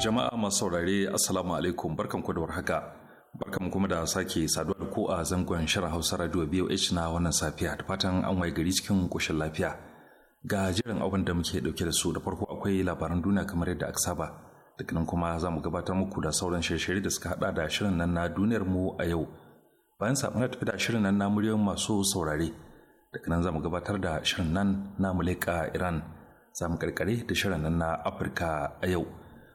Jama'a masu saurare Assalamu alaikum barkanku da warhaka. Barkan kuma da sake saduwa da ku a zangon shirin Hausa Radio BOH na wannan safiya da fatan an waye gari cikin koshin lafiya. Ga jiran abin da muke ɗauke da su da farko akwai labaran duniya kamar yadda aka saba. duk nan kuma za mu gabatar muku da sauran shirye-shirye da suka hada da shirin nan na duniyar mu a yau. Bayan samu tafi da shirin nan na muryoyin masu saurare. duk nan za mu gabatar da shirin nan na mulika Iran. Za mu karkare da shirin nan na Afirka a yau.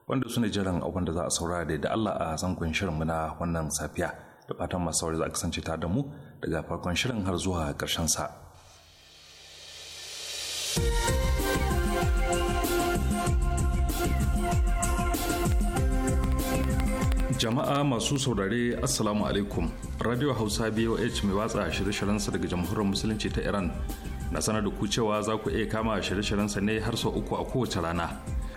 wanda su ne jiran abin da za a saurara da da Allah a zangon shirinmu na wannan safiya da fatan masu saurari za a kasance ta da mu daga farkon shirin har zuwa karshen sa. Jama'a masu saurare Assalamu alaikum Radio Hausa BOH mai watsa shirye shiryen sa daga Jamhuriyar Musulunci ta Iran na sanar da ku cewa za ku iya kama shirye shiryen sa ne har sau uku a kowace rana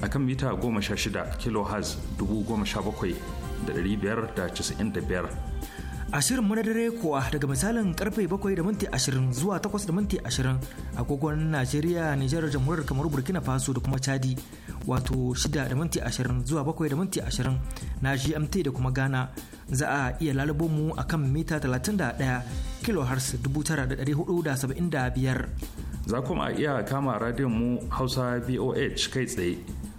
a kan mita 16 kHz 17,595. a shirin madadare kuwa daga misalin karfe 7 da minti 20 zuwa 8 da minti 20 agogon Najeriya, Nijar, Jamhuriyar kamar Burkina Faso da kuma Chadi wato 6 da minti 20 zuwa 7 da minti 20 na GMT da kuma Ghana za a iya lalubo mu a kan mita 31 kHz 9475. Za kuma iya kama radiyon mu Hausa boh kai tsaye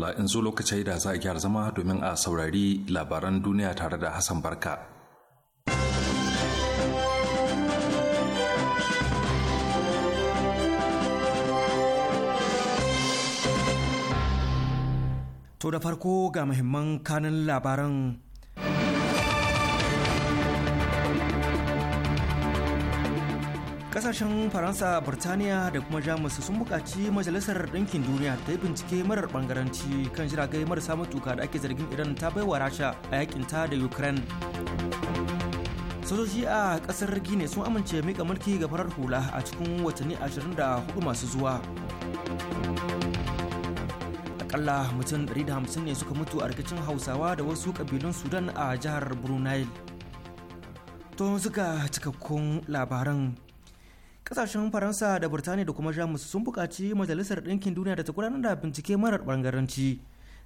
madalla in zo lokacin da za a gyara zama domin a saurari labaran duniya tare da Hassan Barka. To da farko ga muhimman kanin labaran kasashen faransa birtaniya da kuma jamus sun buƙaci majalisar ɗinkin duniya ta yi bincike marar ɓangaranci kan jiragai marasa matuka da ake zargin iran ta baiwa rasha a yakin ta da ukraine sojoji a ƙasar gine sun amince mika mulki ga farar hula a cikin watanni 24 masu zuwa akalla mutum 150 ne suka mutu a rikicin hausawa da wasu ƙabilun sudan a jihar brunei to suka cikakkun labaran kasashen faransa da burtaniya da kuma jamus sun bukaci majalisar ɗinkin duniya da ta gudanar da bincike marar ɓangaranci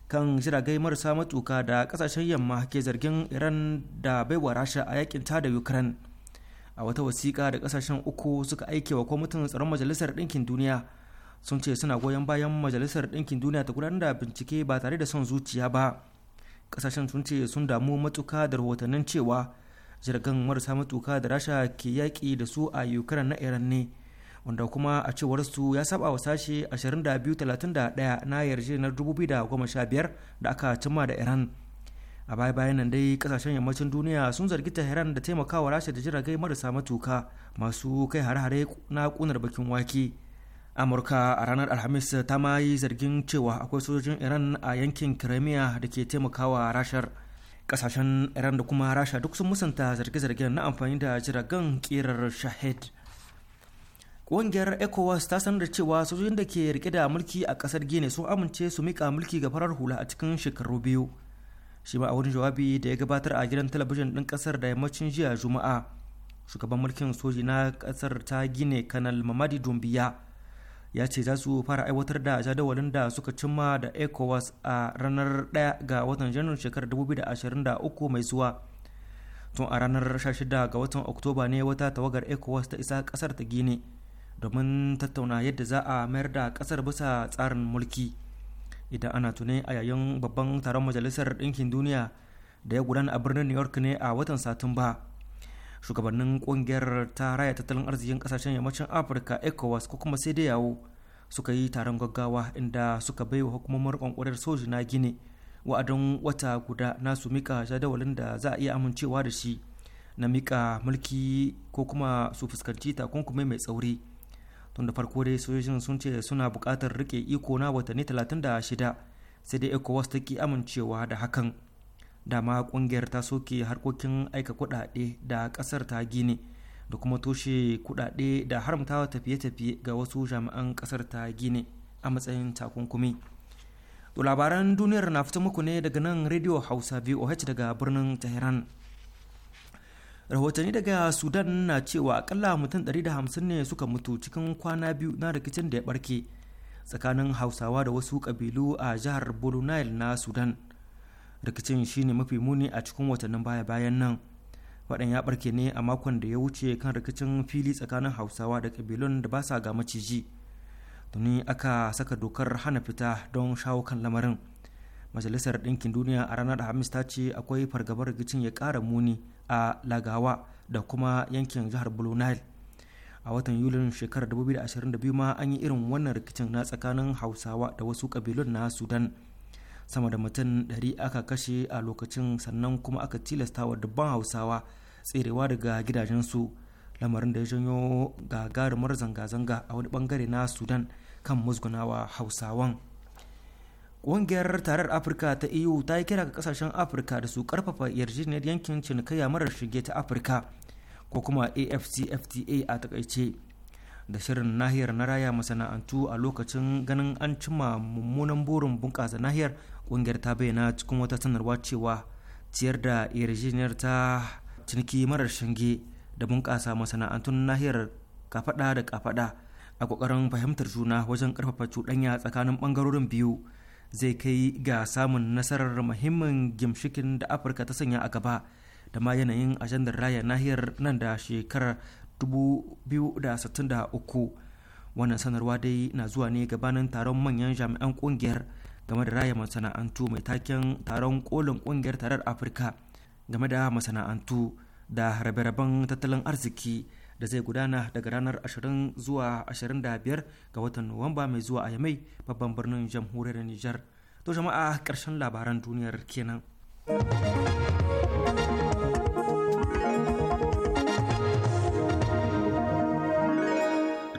kan jiragai marasa matuka da kasashen yamma ke zargin iran da baiwa rasha a yakin ta da ukraine a wata wasiƙa da kasashen uku suka aikewa ko kwamitin tsaron majalisar ɗinkin duniya sun ce suna goyon bayan majalisar ɗinkin duniya ta gudanar da bincike ba tare da son zuciya ba kasashen sun ce sun damu matuka da rahotannin cewa jirgin marasa matuka da rasha ke yaƙi da su a ukraine na iran ne wanda kuma a cewar su ya saba wa sashe 2231 na yarjejeniyar 2015 da aka cimma da iran a baya bayan nan dai kasashen yammacin duniya sun zargi tehran da taimakawa rasha da jiragai marasa matuka masu kai hare-hare na kunar bakin wake amurka a ranar alhamis ta ma yi zargin cewa akwai sojojin iran a yankin crimea da ke taimakawa rashar kasashen iran da kuma rasha duk sun musanta zarge-zargen na amfani da jiragen kirar shahid ƙungiyar ecowas ta sanar da cewa sojojin da ke rike da mulki a ƙasar gine sun amince su mika mulki ga farar hula a cikin shekaru biyu shi ma a wurin jawabi da ya gabatar a gidan talabijin ɗin ƙasar da yammacin jiya juma'a shugaban mulkin soji na ƙasar ta gine kanal mamadi dumbiya ya ce za su fara aiwatar da jadawalin da suka cimma da ecowas a ranar 1 ga watan janar shekarar 2023 mai zuwa tun a ranar 16 ga watan oktoba ne wata tawagar ecowas ta isa kasar ta gini domin tattauna yadda za a mayar da kasar bisa tsarin mulki idan ana tuni a yayin babban taron majalisar ɗinkin duniya da ya gudana a birnin new york ne a watan satumba shugabannin kungiyar ta raya tattalin arzikin kasashen yammacin afirka ecowas ko kuma sai da yawo suka yi taron gaggawa inda suka baiwa hukumomin kwankwarar soji na gini wa'adin wata guda na su mika jadawalin da za a iya amincewa da shi na mika mulki ko kuma su fuskanci takunkumi mai tsauri tun da farko dai sojojin sun ce suna bukatar rike iko na watanni 36 sai dai ecowas ta ki amincewa da hakan dama kungiyar ta soke harkokin aika kudade da kasar ta gini da kuma toshe kudade da haramtawa tafiye-tafiye ga wasu jami'an kasar ta gini a matsayin takunkumi to labaran duniyar na fito muku ne daga nan rediyo hausa voh daga birnin tehran rahotanni daga sudan na cewa akalla mutum 150 ne suka mutu cikin kwana biyu na rikicin da ya barke tsakanin hausawa da wasu kabilu a jihar borno na sudan rikicin shine mafi muni a cikin watannin baya-bayan nan faɗan ya ɓarke ne a makon da ya wuce kan rikicin fili tsakanin hausawa da ƙabilun da ba sa ga maciji tuni aka saka dokar hana fita don shawo kan lamarin majalisar ɗinkin duniya a ranar alhamis ta ce akwai fargabar rikicin ya ƙara muni a lagawa da kuma yankin jihar blue nile a watan yulin shekarar 2022 ma an yi irin wannan rikicin na tsakanin hausawa da wasu ƙabilun na sudan sama da mutum 100 aka kashe a lokacin sannan kuma aka tilasta wa dubban hausawa tserewa daga gidajensu lamarin da ya janyo gagarumar zanga-zanga a wani bangare na sudan kan musgunawa hausawan ƙungiyar tarar afirka ta eu ta yi kira ga kasashen afirka da su karfafa yarjejeniyar yankin cinikayya marar shige ta afirka ko kuma afcfta a takaice da shirin nahiyar na raya masana'antu a lokacin ganin an cima mummunan burin bunƙasa nahiyar ƙungiyar ta bayyana cikin wata sanarwa cewa ciyar da yarjejeniyar ta ciniki marar shinge da bunƙasa masana'antun nahiyar kafaɗa da kafaɗa a ƙoƙarin fahimtar juna wajen ƙarfafa cuɗanya tsakanin ɓangarorin biyu zai kai ga samun nasarar muhimmin gimshikin da afirka ta sanya a gaba da ma yanayin ajandar raya nahiyar nan da shekarar 2063 wannan sanarwa dai na zuwa ne gabanin taron manyan jami'an kungiyar game da raya masana'antu mai taken taron kolin kungiyar tarar afirka game da masana'antu da rabe-raben tattalin arziki da zai gudana daga ranar 20 zuwa 25 ga watan nuwamba mai zuwa a yamai babban birnin jamhuriyar nijar to jama'a ƙarshen labaran duniyar kenan.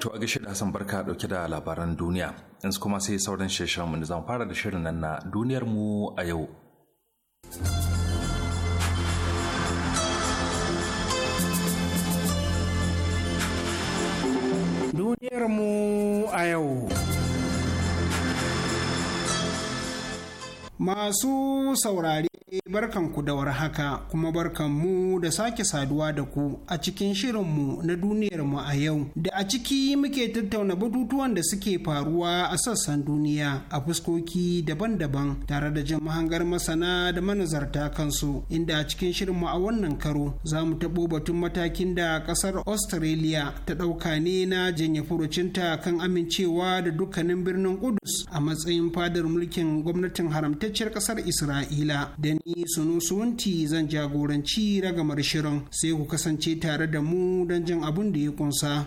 To a gaishe da Hassan Barka dauke da labaran duniya. Yanzu kuma sai sauran shirin mu zan fara da shirin nan na duniyar mu a yau. Duniyar mu a yau. Masu saurare barkanku da warhaka kuma barkanmu da sake saduwa da ku a cikin shirin mu na duniyarmu a yau da a ciki muke tattauna batutuwan da suke faruwa a sassan duniya a fuskoki daban-daban tare da jin mahangar masana da manazarta kansu inda a cikin shirin mu a wannan karo za mu taɓo batun matakin da ƙasar Australia ta ɗauka ne na janye furucinta kan amincewa da dukkanin birnin Kudus a matsayin fadar mulkin gwamnatin haramta fitaccen kasar isra'ila da ni sunusunti zan jagoranci ragamar shirin sai ku kasance tare da mu don jin abin da ya kunsa.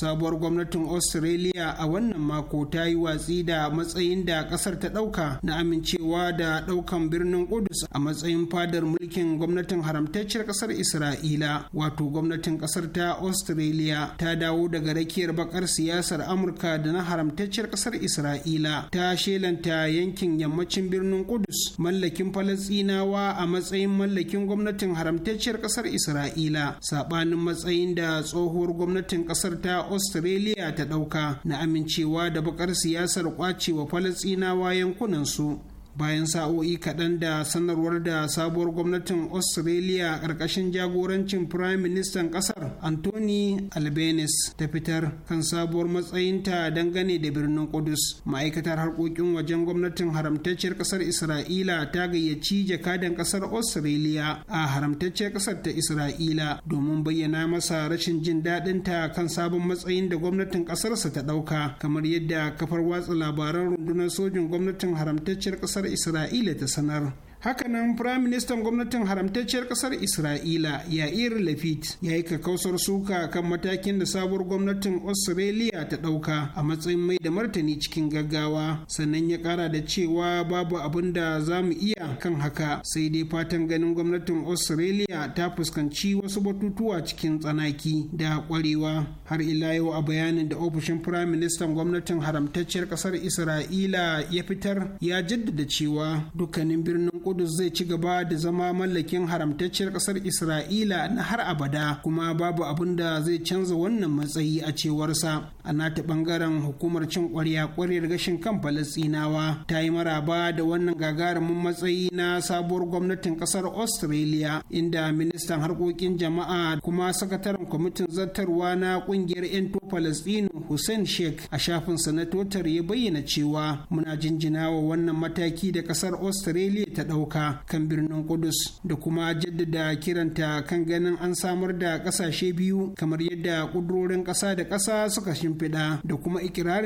sabuwar gwamnatin australia a wannan mako ta yi watsi da matsayin da kasar ta dauka na amincewa da daukan birnin kudus a matsayin fadar mulkin gwamnatin haramtacciyar kasar isra'ila wato gwamnatin kasar ta australia ta dawo daga rakiyar bakar siyasar amurka da na haramtacciyar kasar isra'ila ta shelanta yankin yammacin birnin kudus mallakin falastinawa a matsayin mallakin gwamnatin haramtacciyar kasar isra'ila saɓanin matsayin da tsohuwar gwamnatin kasar ta australia ta ɗauka na amincewa da bakar siyasar kwacewa falasinawa yankunansu bayan sa'o'i kaɗan da sanarwar da sabuwar gwamnatin australia ƙarƙashin jagorancin prime ministan ƙasar anthony albanese ta fitar kan sabuwar matsayinta dangane da birnin kudus ma'aikatar harkokin wajen gwamnatin haramtacciyar ƙasar isra'ila ta gayyaci jakadan ƙasar australia a haramtacciyar ƙasar ta isra'ila domin bayyana masa rashin jin daɗinta kan sabon matsayin da gwamnatin ƙasarsa ta ɗauka kamar yadda kafar watsa labaran rundunar sojin gwamnatin haramtacciyar ƙasar isra'ila ta sanar hakanan prime ministan gwamnatin haramtacciyar kasar isra'ila yair lafit ya yi kakausar suka kan matakin da sabuwar gwamnatin australia ta ɗauka a matsayin mai da martani cikin gaggawa sannan ya ƙara da cewa babu abin da za mu iya kan haka sai dai fatan ganin gwamnatin australia ta fuskanci wasu batutuwa cikin tsanaki da ƙwarewa har ila yau a bayanin da ofishin prime ministan gwamnatin haramtacciyar kasar isra'ila ya fitar ya jaddada cewa dukkanin birnin Kudus zai ci gaba da zama mallakin haramtacciyar ƙasar Isra'ila na har abada kuma babu abin da zai canza wannan matsayi a cewarsa. A nata ɓangaren hukumar cin ƙwarya ƙwaryar gashin kan Falasɗinawa ta yi maraba da wannan gagarumin matsayi na sabuwar gwamnatin ƙasar Australia inda ministan harkokin jama'a kuma sakataren kwamitin zartarwa na ƙungiyar 'yan Falasɗinu Hussein Sheikh a shafin na ya bayyana cewa muna jinjinawa wannan mataki da ƙasar Australia ta ɗauka. ɗauka kan birnin Kudus da kuma jaddada kiranta kan ganin an samar da ƙasashe biyu kamar yadda ƙudurorin ƙasa da ƙasa suka shimfiɗa da kuma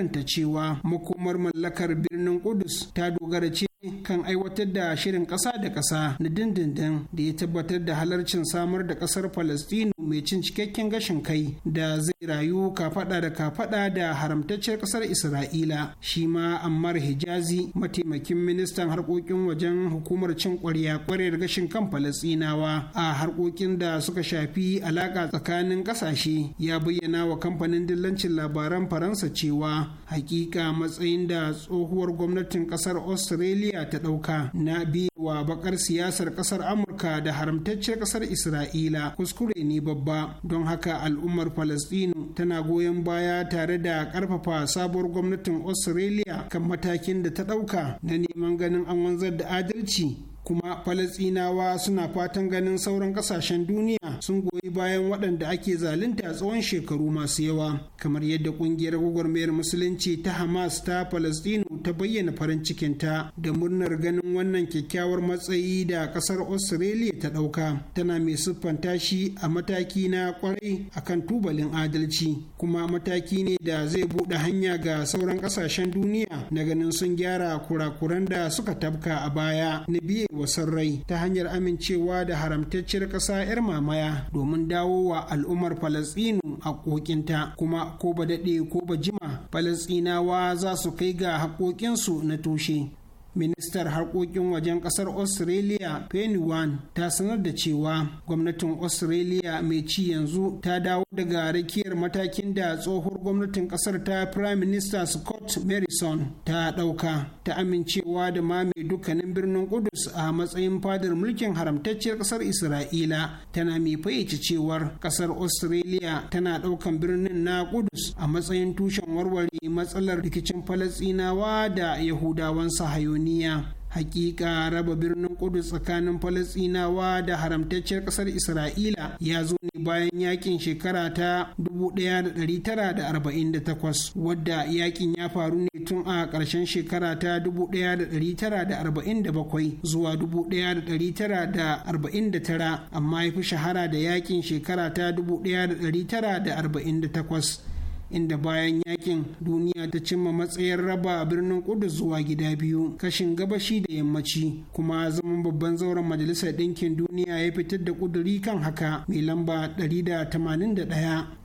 ta cewa makomar mallakar birnin Kudus ta dogara ce kan aiwatar da shirin ƙasa da ƙasa na dindindin da ya tabbatar da halarcin samar da ƙasar Falastinu mai cin cikakken gashin kai da zai rayu kafaɗa da kafaɗa da haramtacciyar ƙasar Isra'ila. Shi ma Ammar Hijazi mataimakin ministan harkokin wajen hukumar cin kwarya ƙwarar gashin kan Falastinawa a harkokin da suka shafi alaƙa tsakanin ƙasashe ya bayyana wa kamfanin dillancin labaran Faransa cewa hakika matsayin da tsohuwar gwamnatin ƙasar Australia Saudiya ta ɗauka na biyewa bakar siyasar ƙasar Amurka da haramtacciyar ƙasar Isra'ila kuskure ne babba don haka al'ummar Falasɗinu tana goyon baya tare da ƙarfafa sabuwar gwamnatin Australia kan matakin da ta ɗauka na neman ganin an wanzar da adalci kuma falasinawa suna fatan ganin sauran kasashen duniya sun goyi bayan waɗanda ake zalunta tsawon shekaru masu yawa kamar yadda ƙungiyar gwagwarmayar musulunci ta hamas ta falasinu ta bayyana farin cikinta da murnar ganin wannan kyakkyawar matsayi da ƙasar australia ta ɗauka tana mai siffanta shi a mataki na kwarai akan tubalin adalci kuma mataki ne da zai buɗe hanya ga sauran ƙasashen duniya na ganin sun gyara kurakuran da suka tabka a baya na biye wasan rai ta hanyar amincewa da haramtacciyar ƙasa 'yar mamaya domin dawo wa al'ummar Falasɗinu haƙoƙinta kuma ko ba daɗe ko ba jima Falasɗinawa za su kai ga haƙoƙinsu na tushe ministar harkokin wajen kasar australia penny wan ta sanar da cewa gwamnatin australia mai ci yanzu ta dawo daga rakiyar matakin da tsohuwar gwamnatin kasar ta prime minister scott morrison ta ɗauka ta amincewa da ma mai dukkanin birnin kudus a matsayin fadar mulkin haramtacciyar kasar isra'ila tana mai fayyace cewar kasar australia tana daukan birnin na kudus a matsayin tushen warware matsalar rikicin falasinawa da yahudawan sahayoni niya hakika raba birnin kudus tsakanin falasinawa da haramtacciyar kasar isra'ila ya zo ne bayan yakin shekara ta 1948 wadda yakin ya faru ne tun a ƙarshen shekara ta 1947 zuwa 1949 amma ya fi shahara da yakin shekara ta 1948 inda bayan yakin duniya ta cimma matsayin raba birnin Kudus zuwa gida biyu kashin gabashi da yammaci kuma zaman babban zauren majalisar ɗinkin duniya ya fitar da kuduri kan haka mai lamba 181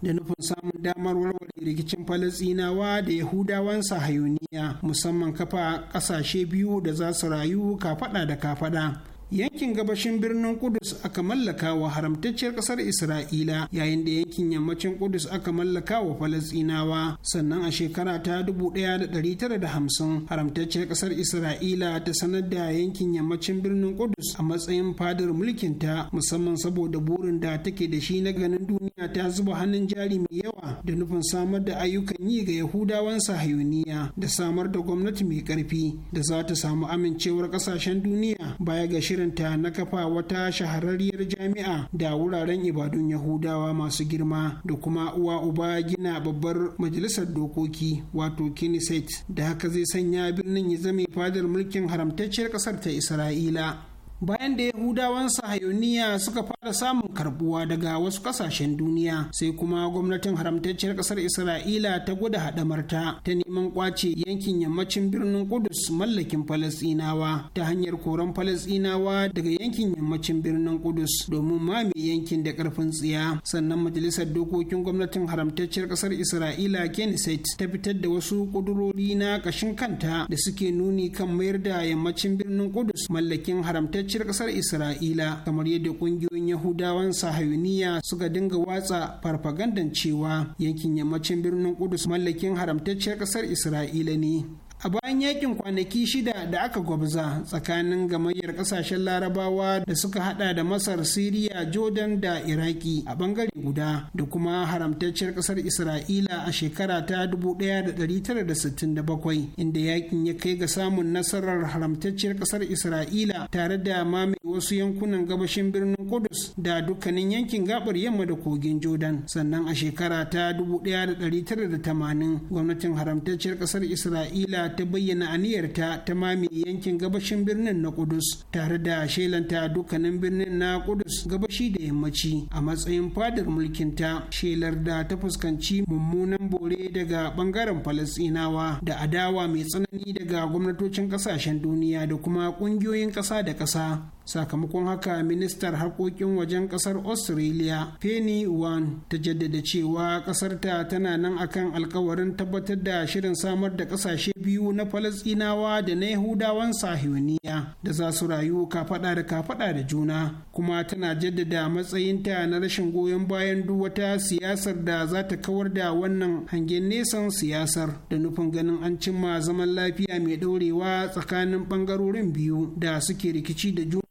da nufin samun damar warware rikicin Falasinawa da Yahudawan Sahayuniya musamman kafa ƙasashe biyu da za su rayu kafaɗa da kafada yankin gabashin birnin kudus aka mallaka wa haramtacciyar kasar isra'ila yayin da yankin yammacin kudus aka mallaka wa falasinawa sannan a shekara ta 1950 haramtacciyar kasar isra'ila ta sanar da yankin yammacin birnin kudus a matsayin fadar mulkinta musamman saboda burin da take da shi na ganin duniya ta zuba hannun jari mai yawa da nufin samar da ayyukan yi ga yahudawan sahayuniya da samar da gwamnati mai karfi da za ta samu amincewar kasashen duniya baya ga shirinta na kafa wata shahararriyar jami'a da wuraren ibadun yahudawa masu girma da kuma uwa uba gina babbar majalisar dokoki wato kiniset da haka zai sanya birnin ya zame fadar mulkin haramtacciyar ƙasar ta isra'ila bayan da yahudawan sahayoniya suka fara samun karbuwa daga wasu kasashen duniya sai kuma gwamnatin haramtacciyar kasar isra'ila ta gwada haɗamarta ta neman kwace yankin yammacin birnin kudus mallakin falasinawa ta hanyar koran falasinawa daga yankin yammacin birnin kudus domin mame yankin da karfin tsiya sannan majalisar dokokin gwamnatin haramtacciyar kasar isra'ila kenneth ta fitar da wasu kudurori na kashin kanta da suke nuni kan mayar da yammacin birnin kudus mallakin haramtacciyar kudancin kasar isra'ila kamar yadda kungiyoyin yahudawan sahayuniya suka dinga watsa farfagandan cewa yankin yammacin birnin kudus mallakin haramtacciyar kasar isra'ila ne a bayan yakin kwanaki shida da aka gwabza tsakanin gamayyar kasashen larabawa da suka hada da masar siriya jordan da iraki a bangare guda da kuma haramtacciyar kasar isra'ila a shekara ta 1967 inda yakin ya kai ga samun nasarar haramtacciyar kasar isra'ila tare da mamaye wasu yankunan gabashin birnin kudus da dukkanin yankin gabar yamma da kogin jordan sannan a shekara ta 1980 gwamnatin haramtacciyar kasar isra'ila ta bayyana aniyarta ta mame yankin gabashin birnin na Kudus tare da shelanta dukkanin birnin na Kudus gabashi da yammaci a matsayin fadar mulkinta shelar da ta fuskanci mummunan bore daga bangaren Falasinawa da adawa mai tsanani daga gwamnatocin kasashen duniya da kuma ƙungiyoyin ƙasa da ƙasa sakamakon haka ministar harkokin wajen kasar australia penny wan ta jaddada cewa kasar ta tana nan akan alkawarin tabbatar da shirin samar da kasashe biyu na falasinawa da na yahudawan sahiwaniya da za su rayu kafada da kafada da juna kuma tana jaddada matsayinta na rashin goyon bayan duk wata siyasar da za ta kawar da wannan hangen nesan siyasar da nufin ganin an cimma zaman lafiya mai ɗorewa tsakanin ɓangarorin biyu da suke rikici da juna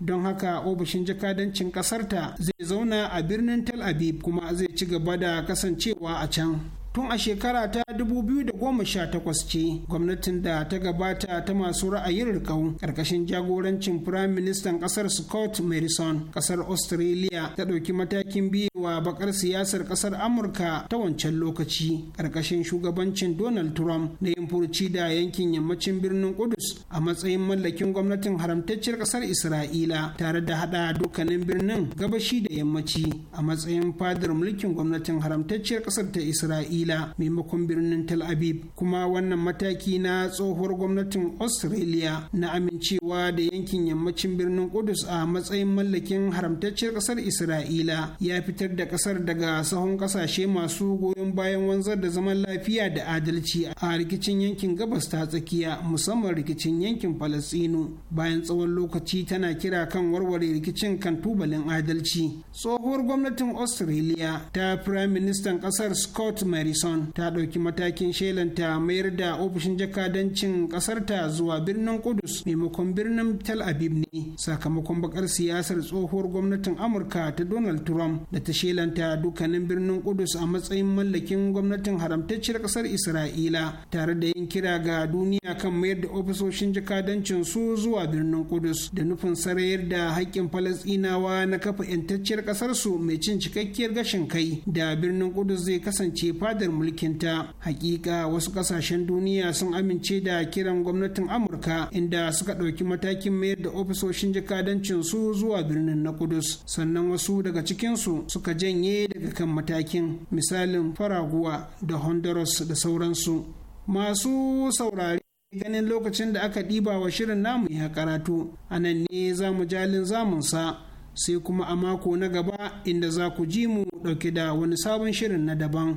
don haka ofishin jakadancin ƙasarta zai zauna a birnin tel aviv kuma zai ci gaba da kasancewa a can tun a shekara ta 2018 ce gwamnatin da ta gabata ta masu ra'ayin rikau karkashin jagorancin firayim ministan kasar scott morrison kasar australia ta ɗauki matakin biyewa bakar siyasar kasar amurka ta wancan lokaci karkashin shugabancin donald trump na yin furci da yankin yammacin birnin kudus a matsayin mallakin gwamnatin haramtacciyar kasar isra'ila tare da hada dukkanin birnin gabashi da yammaci a matsayin fadar mulkin gwamnatin haramtacciyar kasar ta isra'ila isra'ila maimakon birnin tel aviv kuma wannan mataki na tsohuwar gwamnatin australia na amincewa da yankin yammacin birnin kudus a matsayin mallakin haramtacciyar ƙasar isra'ila ya fitar da ƙasar daga sahun ƙasashe masu goyon bayan wanzar da zaman lafiya da adalci a rikicin yankin gabas ta tsakiya musamman rikicin yankin falastinu bayan tsawon lokaci tana kira kan warware rikicin kan tubalin adalci tsohuwar gwamnatin australia ta prime ministan ƙasar scott harrison ta ɗauki matakin shelanta mayar da ofishin jakadancin ƙasarta zuwa birnin kudus maimakon birnin tel aviv ne sakamakon bakar siyasar tsohuwar gwamnatin amurka ta donald trump da ta shelanta dukkanin birnin kudus a matsayin mallakin gwamnatin haramtacciyar ƙasar isra'ila tare da yin kira ga duniya kan mayar da ofisoshin jakadancin su zuwa birnin kudus da nufin sarayar da haƙƙin falasɗinawa na kafa 'yantacciyar ƙasarsu mai cin cikakkiyar gashin kai da birnin kudus zai kasance fadar fadar mulkinta hakika wasu kasashen duniya sun amince da kiran gwamnatin amurka inda suka ɗauki matakin mayar da ofisoshin jakadancin su zuwa birnin na kudus sannan wasu daga cikinsu suka janye daga kan matakin misalin faraguwa da honduras da sauransu masu saurari ganin lokacin da aka ɗiba wa shirin namu ya karatu a nan ne za mu jalin zamunsa sai kuma a mako na gaba inda za ku ji mu ɗauke da wani sabon shirin na daban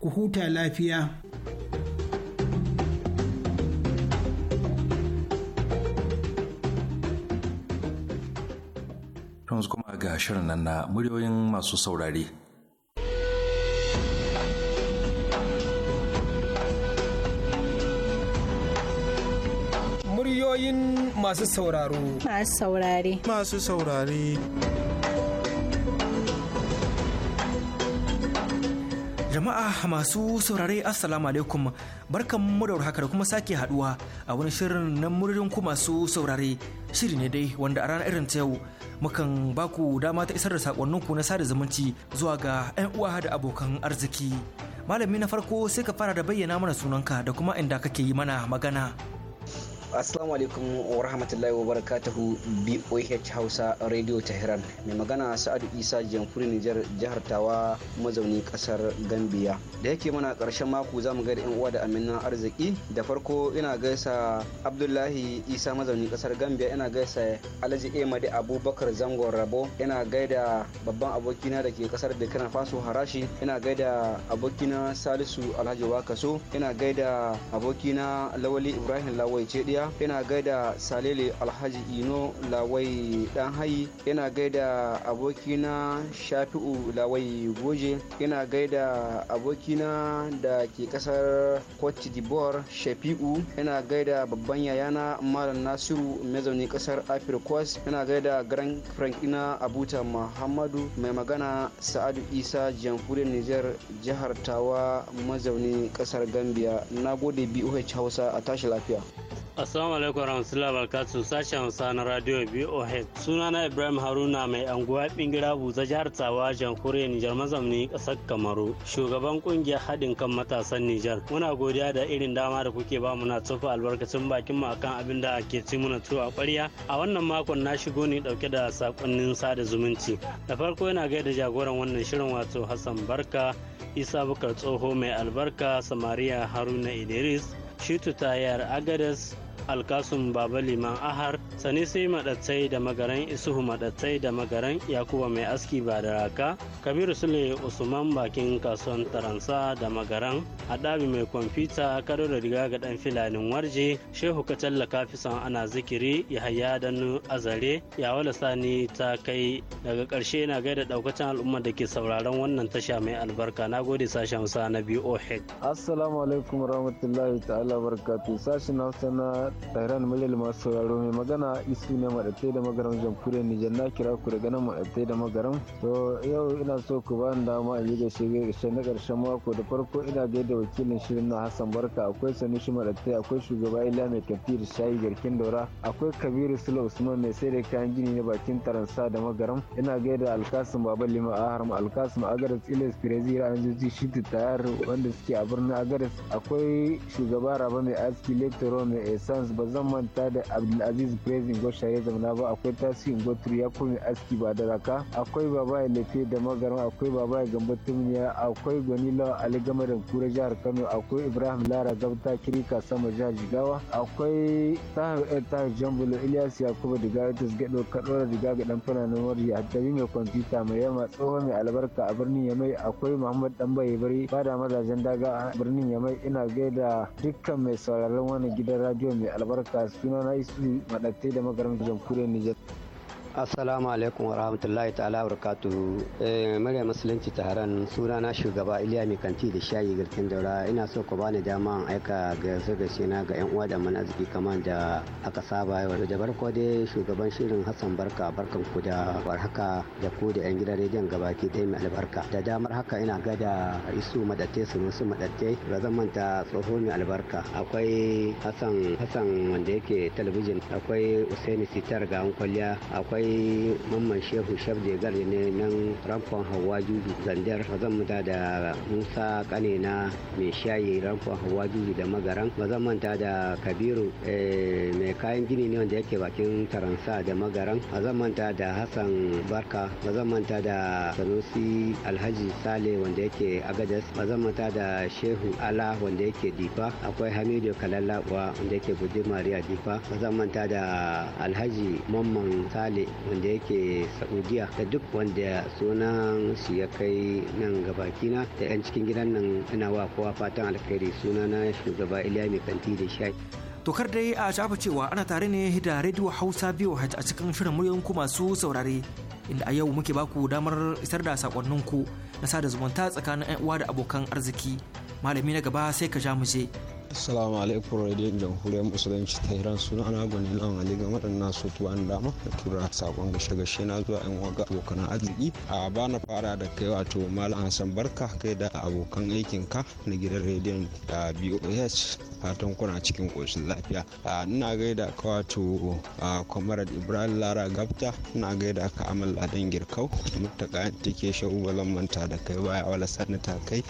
ku huta lafiya. yanzu kuma ga shirin nan na muryoyin masu saurare. Muryoyin masu sauraro. Masu saurare. Masu saurare. Jama'a masu saurare Assalamu alaikum barkan mu da warhaka da kuma sake haduwa a wani shirin na muririn ku masu saurare shiri ne dai wanda a ranar irin ta yau mukan baku dama ta isar da sakonnin ku na sada zumunci zuwa ga 'yan uwa da abokan arziki. Malami na farko sai ka fara da bayyana mana sunanka da kuma inda kake yi mana magana. Assalamu alaikum wa rahmatullahi wa barakatuhu BOH Hausa Radio Tehran. Mai magana Sa'adu Isa Jamfuri Nijar jihar Tawa mazauni kasar Gambia. Da yake mana karshen mako za mu ga da uwa da aminan arziki. Da farko ina gaisa Abdullahi Isa mazauni kasar Gambia ina gaisa Alhaji Emadi Abubakar Zangon Rabo ina gaida babban abokina da ke kasar Burkina Faso Harashi ina gaida abokina Salisu Alhaji Wakaso ina gaida abokina Lawali Ibrahim Lawai Cediya Zaria yana gaida Salele Alhaji Ino Lawai Dan Hayi yana gaida abokina Shafi'u Lawai Goje yana gaida abokina da ke kasar Cote d'Ivoire Shafi'u yana gaida babban yayana Malam Nasiru mazauni kasar Afirkos yana gaida Grand Frankina Abuta Muhammadu mai magana Sa'adu Isa jamhuriyar Niger jihar Tawa mazaunin kasar Gambia na gode BOH Hausa a tashi lafiya. Assalamu alaikum warahmatullahi wabarakatuh sashen Hausa na Radio BOH. Sunana Ibrahim Haruna mai anguwa bingira buza jihar Tsawa jamhuriyar Nijar mazamni kasar Kamaru. Shugaban kungiyar haɗin kan matasan Nijar. Muna godiya da irin dama da kuke ba muna tsofa albarkacin bakin mu akan abin da ke ci muna a ƙwarya. A wannan makon na shigo ne dauke da sakonnin sada zumunci. Da farko yana gaida jagoran wannan shirin wato Hassan Barka, Isa Bukar Tsoho mai albarka, Samariya Haruna Idris, Shitu Tayar Agadas, alkasun baba liman ahar sani sai madatsai da magaran isuhu madatsai da magaran yakuba mai aski ba da raka kabiru sule usman bakin kasuwan taransa da magaran adabi mai kwamfuta karo da riga ga dan filanin warje shehu ka tallaka ana zikiri yahaya danu azare yawala sani ta kai daga karshe na gaida daukacin al'umma da ke sauraron wannan tasha mai albarka na gode sashen hausa na biyu ohe. assalamu alaikum rahmatullahi ta'ala barkatu sashen na Tehran milil masu sauraro mai magana isu ne maɗatai da magaran jamhuriyar Nijar na kira ku daga nan maɗatai da magaran? To yau ina so ku ba ni dama a yi gaishe gaishe na ƙarshen mako da farko ina gaida da wakilin shirin na Hassan Barka akwai Sanusi maɗaɗe akwai shugaba Ila mai tafi da shayi garkin daura akwai Kabiru Sula Usman mai sai da kayan gini na bakin Taransa da magaran ina gaida Alkasim Baba Lima harma Alkasim Agaras Ilis Firezi Ra'anjuji Shitu Tayar wanda suke a birnin Agaras akwai shugaba Raba mai aski Lektoro mai Essence ba zan manta da abdulaziz brazil gwashare zamana ba akwai tasirin gotri ya kome aski ba da raka akwai baba da magarma akwai baba gambo Tumiya akwai gwani ali Gama, da kura jihar kano akwai ibrahim lara Gabta kirika sama jihar jigawa akwai tahir el tahir jambulo ilyas yakubu diga itis gado kadora diga ga dan fana nomar ya tabi mai kwamfuta mai yama tsoho mai albarka a birnin yamai akwai muhammad dan bai bari bada mazajen daga a birnin yamai ina gaida dukkan mai sauraron wani gidan radio mai mai albarka sunana isu maɗatai da magaram jamhuriyar Nijar. Assalamu alaikum wa rahmatullahi ta'ala wa barakatuhu. Eh, Maryam Murya Musulunci Taharan sunana shugaba Iliya Mai Kanti da Shayi Garkin Daura ina so ku bani dama in aika ga gaishe na ga yan uwa da mana arziki kamar da aka saba yau da barko dai shugaban shirin Hassan Barka barkan ku da warhaka da ku da yan gidan rediyon gabaki dai mai albarka. Da damar haka ina gada isu madatte su musu madatte ba zan manta tsoho mai albarka akwai Hassan Hassan wanda yake talabijin akwai Usaini Sitar ga kwalliya akwai akwai mamman shehu de gari ne nan ramfon hawa juju zandar ba zan manta da musa kane na mai shayi ramfon hawa juju da magaran ba zan manta da kabiru eh, mai kayan gini ne wanda yake bakin taransa da magaran ba zan manta da hassan barka ba zan manta da sanusi alhaji sale wanda yake agadas ba zan manta da shehu ala wanda yake difa akwai hamidu kalalla wanda yake gudu mariya difa ba zan manta da alhaji mamman sale wanda yake saudiya da duk wanda sunan shi ya kai nan gabakina da 'yan cikin gidan nan ina wa kowa fatan alkhairi na shugaba iliya mai kanti da shayi Tokar dai a shafa cewa ana tare ne da rediyo Hausa VOH a cikin shirin muryoyin ku masu saurare inda a yau muke baku damar isar da sakonnin ku na sada zumunta tsakanin 'yan uwa da abokan arziki. Malami na gaba sai ka ja mu je. Assalamu alaikum radiyon jamhuriyar musulunci ta hiran suna ana gani na Ali ga waɗannan su na dama da tura sakon gashe gashe na zuwa yan waga abokan arziki a bana fara da kai wato malam Hassan Barka kai da abokan aikin ka na gidan rediyon da bos fatan kuna cikin koshin lafiya ina gaida ka wato Comrade Ibrahim Lara Gabta ina gaida ka Amal Ladan Girkau mutaka take shawu balan manta da kai baya wala sanata kai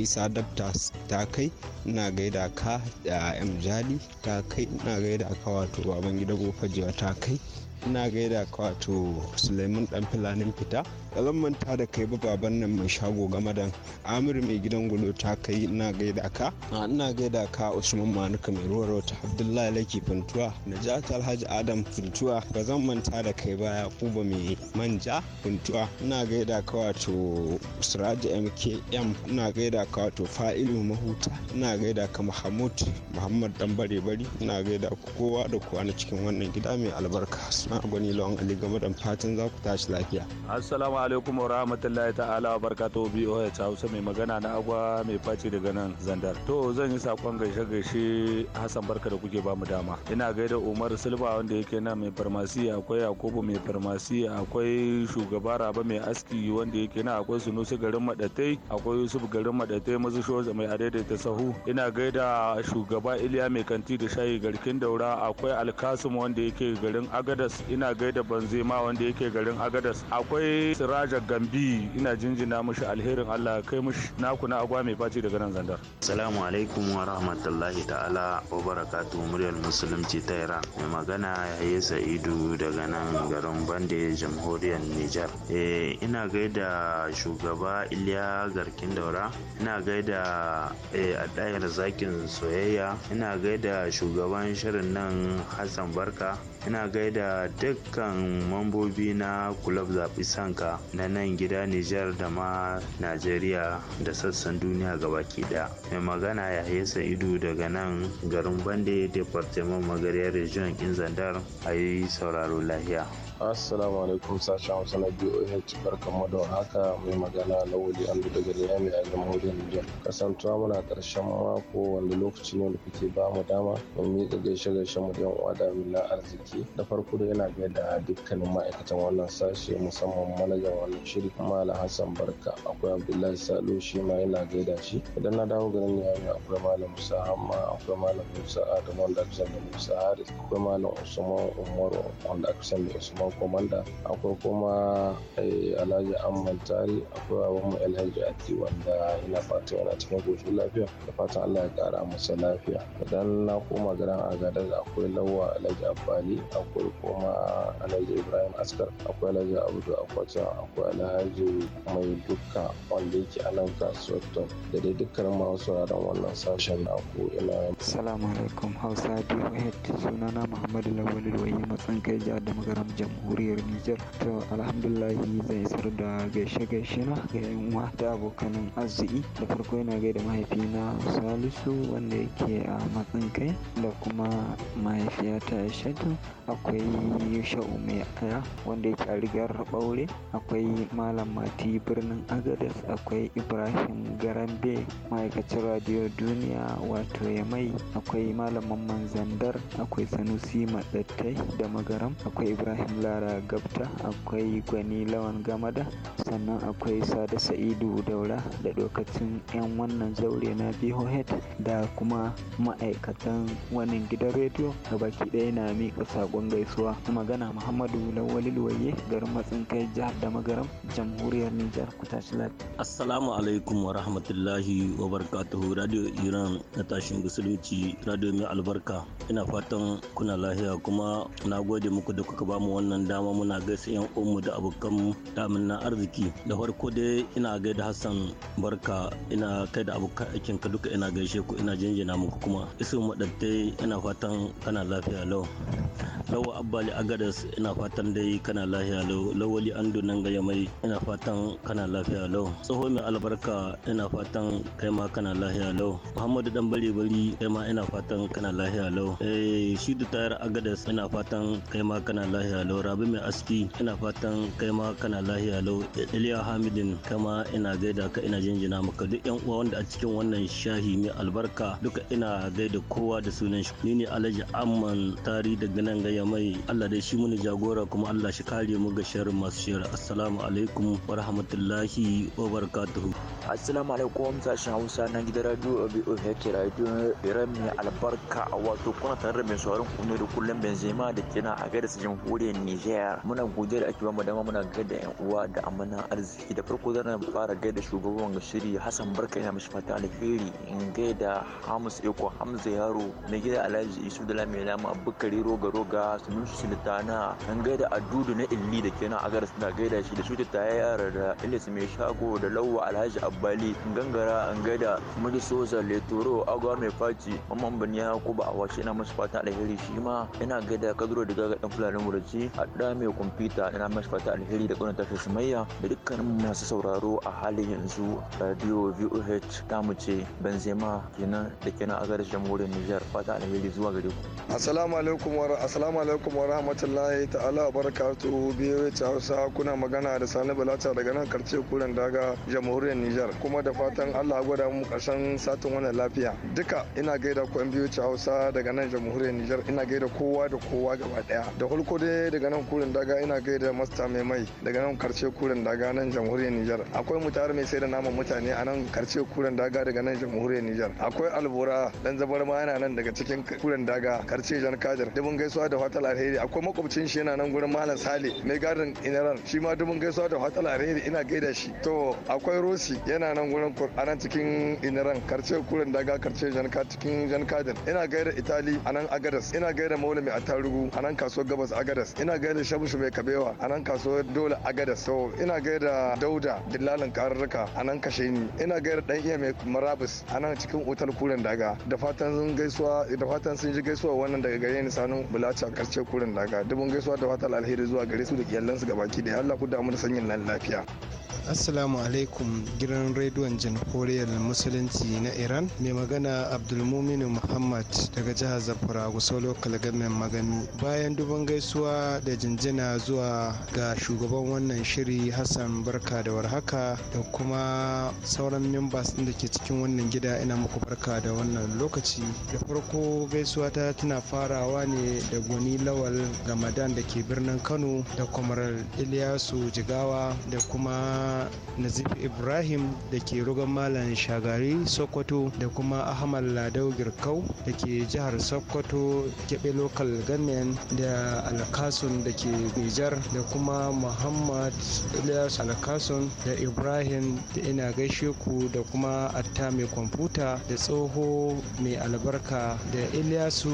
Isa Dabta ta kai ina gaida Ka da eh, mjali ta kai ina gaida aka wato baban gida gofajewa ta kai ina gaida ka wato suleiman dan filanin fita zan manta da kai ba baban nan mai shago gamadan amir mai gidan gudu ta kai ina gaida ka ina gaida ka usman manuka mai ruwa ta abdullahi laki fintuwa jatar alhaji adam fintuwa ba zan manta da kai ba yakuba mai manja fintuwa ina gaida ka wato suraji mkm ina gaida ka wato fa'ilu mahuta ina gaida ka muhammad muhammad dan bare bari ina gaida kowa da kowa na cikin wannan gida mai albarka na lawan ali game da fatan za ku tashi lafiya assalamu alaikum wa rahmatullahi ta'ala wa barkatu ta hausa mai magana na agwa mai faci daga nan zandar to zan yi sakon gaishe gaishe hassan barka da kuke bamu dama ina gaida umar silva wanda yake nan mai farmasi akwai yakubu mai farmasi akwai shugaba raba mai aski wanda yake nan akwai sunusu garin madatai akwai yusuf garin madatai mazusho mai adaidaita sahu ina gaida shugaba iliya mai kanti da shayi garkin daura akwai alkasim wanda yake garin agadas ina gaida banzema wanda yake garin agadas akwai siraja gambi ina jinjina mushi alherin allah kai mushi naku na agwa mai faci daga nan zandar salamu alaikum wa rahmatullahi ta'ala wa barakatu muryar musulunci ta iran mai magana yayi sa'idu daga nan garin bande jamhuriyar nijar eh, ina gaida shugaba iliya garkin daura ina gaida eh, a ɗayar zakin soyayya ina gaida shugaban shirin nan hassan barka ina gaida dukkan mambobi na kulab zaɓi sanka na nan gida nijar da ma najeriya da sassan duniya gabaki ɗaya mai magana ya hesa ido daga nan garin bande departement magariyar region kin zandar a yi sauraro lahiya Assalamu alaikum sashen Hausa na BOH mu da haka mai magana Lawali Andu daga Niyami a jamhuriyar Nijar. Kasantuwa muna karshen mako wanda lokaci ne da kuke ba mu dama Mun miƙa gaishe gaishe mu yan uwa da na arziki. Da farko da yana gaida dukkanin ma'aikatan wannan sashe musamman manajan wannan shiri ala Hassan Barka akwai Abdullahi Salo shi ma yana gaida shi. Idan na dawo garin Niyami akwai Malam Musa Hamma akwai Malam Musa Adamu wanda aka da Musa Haris akwai Malam Usman Umaru wanda aka Usman babban komanda akwai kuma eh, alhaji amman tari akwai baban mu alhaji ati wanda ina fata yana cikin koshin lafiya da fatan allah ya kara masa lafiya idan na koma garin agadar akwai lawa alhaji abbali akwai kuma alhaji ibrahim askar akwai alhaji abdu Akwata akwai alhaji mai duka wanda yake a nan kasuwar da dai dukkan masu sauraron wannan sashen naku ina salamu alaikum hausa biyu sunana muhammadu lawal wayi matsan kai jihar da magaram Wuriyar Nijar. To alhamdulahi zan isar da gaishe-gaishe na ga yan uwa da abokanan arziki. Da farko yana gaida mahaifina Salisu wanda yake a matsin kai da kuma mahaifiyata Aishatu akwai sha'u mai aya wanda yake a rigar ɓaure akwai Malam Mati birnin Agadez akwai Ibrahim Garambe ma'aikacin Radio Duniya wato Yamai akwai Malam Mamman Zandar akwai Sanusi maɗattai da Magaram akwai Ibrahim Lara Gabta akwai Gwani Lawan Gamada sannan akwai Sada Sa'idu Daura da lokacin 'yan wannan zaure na Bihohead da kuma ma'aikatan wannan gidan rediyo a baki ɗaya na miƙa saƙo sakon gaisuwa magana muhammadu lawali luwaye garin matsin jihar da jamhuriyar nijar kutashi assalamu alaikum wa rahmatullahi wa barakatuhu radio iran na tashin musulunci radio mai albarka ina fatan kuna lafiya kuma na gode muku da kuka bamu wannan dama muna gaisa yan uwanmu da abokan damin na arziki da farko dai ina gaida hassan barka ina kai da abokan aikin ka duka ina gaishe ku ina jinjina muku kuma isu madaddai ina fatan kana lafiya lau lawa abbali agadas ina fatan dai kana lafiya lau lawali ando nan ga mai ina fatan kana lafiya lau tsoho mai albarka ina fatan kai ma kana lafiya lau muhammadu dan bari bari kai ma ina fatan kana lafiya lau eh shi da tayar agadas ina fatan kai ma kana lafiya lau rabi mai aski ina fatan kai ma kana lafiya lau iliya hamidin kama ina gaida ka ina jinjina maka duk yan uwa wanda a cikin wannan shahi mai albarka duka ina gaida kowa da sunan shi ni ne alhaji amman tari daga nan gai ya mai Allah dai shi muni jagora kuma Allah shi kare mu ga sharrin masu shira assalamu alaikum wa rahmatullahi wa barakatuhu assalamu alaikum sashen hausa na gidan radio o yake radio iran mai albarka wato kuna tare da mai sauran kuno da kullum benzema da kina a gaida su jamhuriyar niger muna godiya da ake mu dama muna gaida yan uwa da amana arziki da farko zan fara gaida shugaban shiri hassan barka ina mishi fata alheri in gaida hamus eko hamza yaro na gida alhaji isu da lamai ma bukari roga roga da sunusu sultana an gaida adudu na illi da kenan agaras na gaida shi da shuta ta yi yara da ilis mai shago da lawa alhaji abbali gangara an gaida mudi soza letoro agwa mai faci mamman bani ya ba a washe na masu fata alheri shi ma yana gaida kaduro da gaga dan fulani muraci hadda mai kwamfuta yana masu fata alheri da kunanta shi sumayya da dukkanin masu sauraro a halin yanzu radio voh tamu ce benzema kenan da kenan agaras jamhuriyar niger fata alheri zuwa gare ku assalamu alaikum wa Assalamu alaikum wa rahmatullahi ta'ala wa barakatu biyu ta Hausa kuna magana da Sani Balata daga nan karce kuren daga jamhuriyar Nijar kuma da fatan Allah gwada mu karshen satin wannan lafiya. Duka ina gaida ku yan biyu ta Hausa daga nan jamhuriyar Nijar ina gaida kowa da kowa gaba daya. Da hulko dai daga nan kuren daga ina gaida Masta Mai Mai daga nan karce kuren daga nan jamhuriyar Nijar. Akwai mutar mai sai da naman mutane a nan karce kuren daga daga nan jamhuriyar Nijar. Akwai Albora dan zabar ma yana nan daga cikin kuren daga karce Jan Kajar. Dubun gaisuwa da fatal alheri akwai makwabcin shi yana nan gurin malam sale mai gadin inaran shi ma dubin gaisuwa da fatal alheri ina gaida shi to akwai rosi yana nan gurin kur'anan cikin inaran karce kuren daga karce janka cikin jankadin ina gaida itali anan agadas ina gaida maula mai attarugu anan kasuwar gabas agadas ina gaida shamsu mai kabewa anan kasuwar dole agadas to ina gaida dauda dillalin karurruka anan kashe ni ina gaida dan iya mai marabus anan cikin otal kuren daga da fatan sun gaisuwa da fatan sun ji gaisuwa wannan daga gare ni sanu bulacha karshe kurin daga dubin gaisuwa da fatan alheri zuwa gare su da ga gabaki da Allah ku damu da sanyin nan lafiya assalamu alaikum gidan rediyon jamhuriyar musulunci na iran mai magana abdulmuminu muhammad daga jihar zafura gusau lokal gamin magani bayan duban gaisuwa da jinjina zuwa ga shugaban wannan shiri hassan barka da warhaka da kuma sauran membas da ke cikin wannan gida ina muku barka da wannan lokaci da farko gaisuwa ta tana farawa ne da gwani lawal Ramadan da ke birnin kano da kwamarar iliyasu jigawa da kuma kuma nazif ibrahim da ke rugan malam shagari sokoto da kuma ahmad ladau girkau da ke jihar sokoto kebe lokal government da alkasun da ke nijar da kuma muhammad ilyas alkasun da ibrahim da ina gaishe ku da kuma atta mai kwamfuta da tsoho mai albarka da ilyasu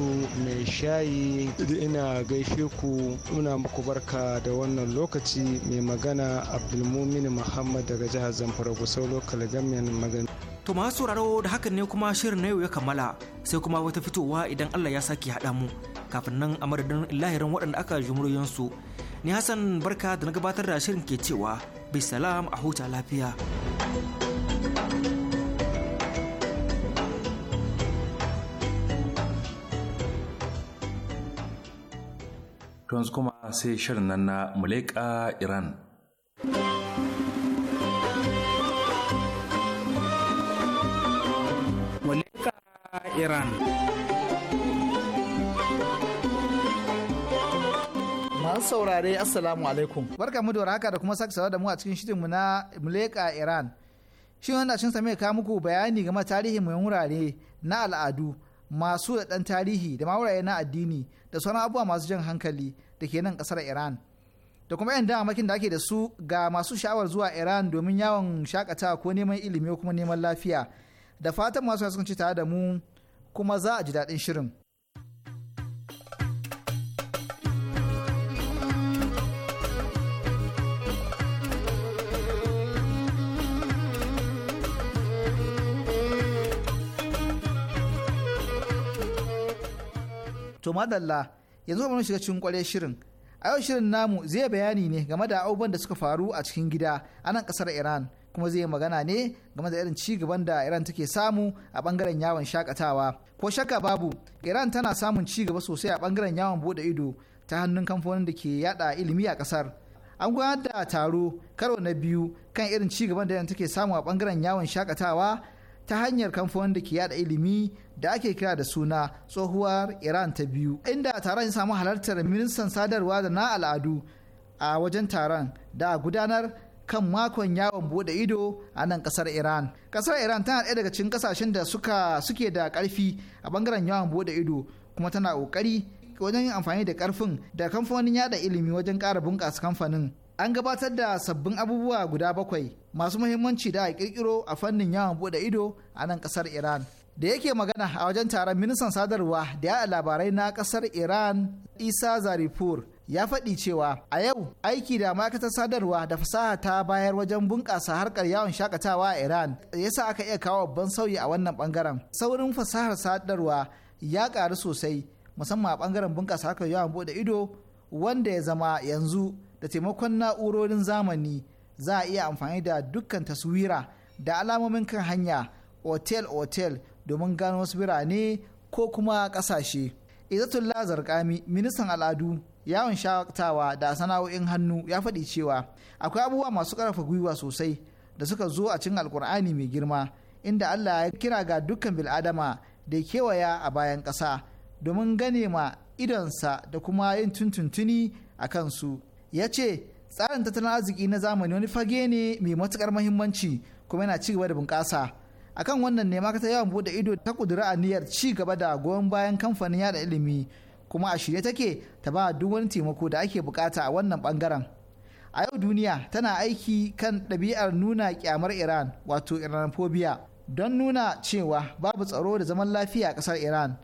mai shayi da ina gaishe ku muna muku barka da wannan lokaci mai magana abdulmumin muhammad daga jihar zamfara gusau lokal gamin magani to masu sauraro da hakan ne kuma shirin na yau ya kammala sai kuma wata fitowa idan allah ya sake haɗa mu kafin nan a madadin lahirin waɗanda aka jumuriyansu ni hassan barka da na gabatar da shirin ke cewa bisalam a huta lafiya yanzu kuma sai shirin nan na muleka iran iran masu saurare assalamu alaikum barka mu da haka da kuma sake da mu a cikin shirinmu na muleka iran shin wanda cin same ka muku bayani game tarihin mai wurare na al'adu masu da ɗan tarihi da ma wurare na addini da sauran abubuwa masu jan hankali da ke nan ƙasar iran da kuma yan damakin da ake da su ga masu sha'awar zuwa iran domin yawon shakatawa ko neman ilimi ko kuma neman lafiya da fatan masu kasance tare da mu kuma za a ji daɗin shirin. To madalla yanzu mun shiga cikin kware shirin. A yau shirin namu zai bayani ne game da abubuwan da suka faru a cikin gida a nan ƙasar Iran. kuma zai yi magana ne game da irin ci gaban da Iran take samu a bangaren yawon shakatawa. Ko shakka babu, Iran tana samun ci gaba sosai a bangaren yawon bude ido ta hannun kamfanin da ke yada ilimi a kasar. An gudanar da taro karo na biyu kan irin ci gaban da Iran take samu a bangaren yawon shakatawa ta hanyar kamfanin da ke yada ilimi da ake kira da suna tsohuwar Iran ta biyu. Inda taron ya samu halartar ministan sadarwa da na al'adu a wajen taron da gudanar kan makon yawon bude ido a nan kasar Iran. Kasar Iran tana ɗaya daga cikin kasashen da suka suke da karfi a bangaren yawon bude ido kuma tana ƙoƙari wajen yin amfani da karfin da kamfanin yada ilimi wajen kara bunƙasa kamfanin. An gabatar da sabbin abubuwa guda bakwai masu muhimmanci da a ƙirƙiro a fannin yawon bude ido a nan kasar Iran. da yake magana a wajen taron ministan sadarwa da ya labarai na kasar iran isa zarifur ya faɗi cewa a yau aiki da ma'aikatar sadarwa da fasaha ta bayar wajen bunƙasa harkar yawon shakatawa a Iran yasa aka iya kawo babban sauyi a wannan bangaren. Saurin fasahar sadarwa ya ƙaru sosai musamman a bangaren bunƙasa harkar yawon buɗe ido wanda ya zama yanzu da taimakon na'urorin zamani za a iya amfani da dukkan taswira da alamomin kan hanya otel-otel domin gano wasu birane ko kuma ƙasashe. Izatullah Zarkami ministan al'adu yawon shakatawa da sana'o'in hannu ya faɗi cewa akwai abubuwa masu ƙarfafa gwiwa sosai da suka zo a cikin alkur'ani mai girma inda allah ya kira ga dukkan bil'adama da kewaya a bayan ƙasa domin gane ma idonsa da kuma yin tuntuntuni a kansu ya ce tsarin tattalin arziki na zamani wani fage ne mai matuƙar mahimmanci kuma yana ci gaba da bunƙasa akan wannan ne makata yawan buɗe ido ta ƙudura aniyar ci gaba da goyon bayan kamfanin yada ilimi kuma a shirye take ta ba duk wani taimako da ake bukata a wannan bangaren. A yau duniya tana aiki kan ɗabi'ar nuna kyamar Iran wato Iranophobia don nuna cewa babu tsaro da zaman lafiya a ƙasar Iran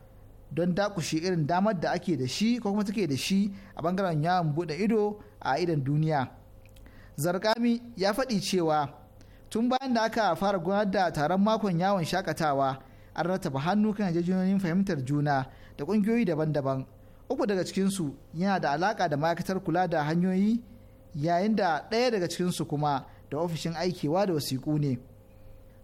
don dakushe irin damar da ake da shi ko kuma take da shi a bangaren yawon buɗe ido a idan duniya. Zarkami ya faɗi cewa tun bayan da aka fara gudanar da taron makon yawon shakatawa an rattaba hannu kan fahimtar juna da ƙungiyoyi daban-daban uku daga cikinsu yana da alaƙa da ma'aikatar kula da hanyoyi yayin da ɗaya daga cikinsu kuma da ofishin aikewa da wasiƙu ne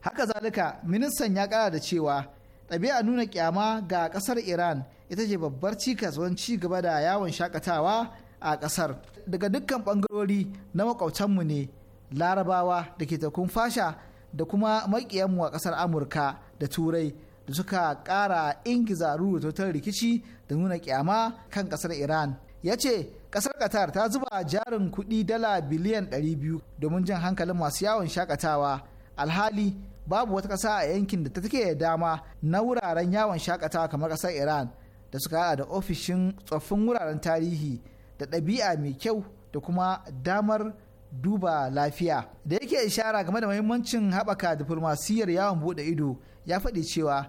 haka zalika ministan ya ƙara da cewa ɗabi'a nuna kyama ga ƙasar iran ita ce babbar cikas wani ci gaba da yawon shakatawa a ƙasar daga dukkan ɓangarori na makwabtanmu ne larabawa da ke takun fasha da kuma maƙiyanmu a ƙasar amurka da turai da suka ƙara ingiza rubutotar rikici da nuna kyama kan kasar iran ya ce ƙasar qatar ta zuba jarin kudi dala biliyan 200 domin jan hankalin masu yawon shakatawa alhali babu wata kasa a yankin da ta take dama na wuraren yawon shakatawa kamar kasar iran da suka haɗa da ofishin tsoffin wuraren tarihi da ɗabi'a mai kyau da kuma damar duba lafiya da yake ishara game da muhimmancin haɓaka diflomasiyyar yawon buɗe ido ya faɗi cewa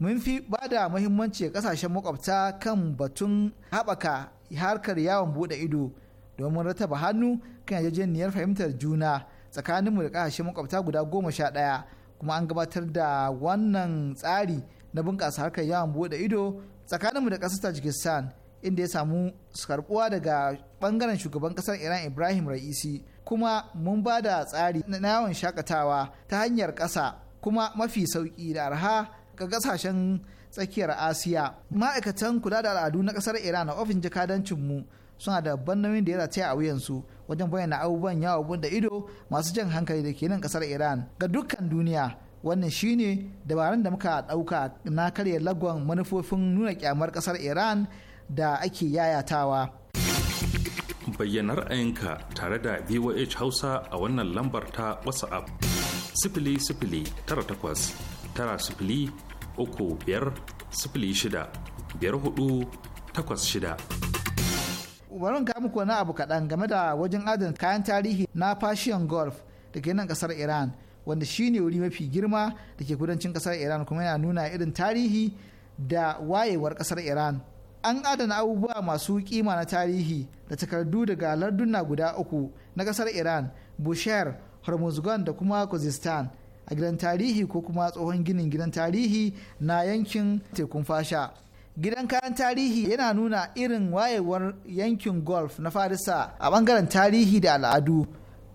mun fi ba da muhimmanci ga kasashen makwabta kan batun haɓaka harkar yawon buɗe ido domin rataba hannu kan yarjejeniyar fahimtar juna tsakaninmu da kasashen makwabta guda goma sha ɗaya kuma an gabatar da wannan tsari na bunƙasa harkar yawon buɗe ido tsakaninmu da ƙasar tajikistan inda ya samu karbuwa daga ɓangaren shugaban ƙasar iran ibrahim ra'isi kuma mun ba da tsari na yawon shakatawa ta hanyar ƙasa kuma mafi sauki da arha ga kasashen tsakiyar asiya ma'aikatan kula da al'adu na kasar iran a ofin jakadancin mu suna da babban nauyin da ya rataya a wuyansu wajen bayyana abubuwan yawon da ido masu jan hankali da ke nan kasar iran ga dukkan duniya wannan shine dabarun da muka ɗauka na karya lagon manufofin nuna kyamar kasar iran da ake yayatawa bayyanar ayinka tare da voh hausa a wannan lambar ta whatsapp sifili sifili tara takwas tara sifili uku biyar sifili shida biyar hudu takwas shida. warin ga muku wani abu kaɗan game da wajen adana kayan tarihi na fashiyan Golf da ke nan ƙasar Iran wanda shi ne wuri mafi girma da ke kudancin ƙasar Iran kuma yana nuna irin tarihi da wayewar ƙasar Iran. An adana abubuwa masu kima na tarihi da takardu daga larduna guda uku na ƙasar Iran, Bushar, hormuzgan da kuma kuzistan a gidan tarihi ko kuma tsohon ginin gidan tarihi na yankin tekun fasha gidan kayan tarihi yana nuna irin wayewar yankin golf na farisa a bangaren tarihi da al'adu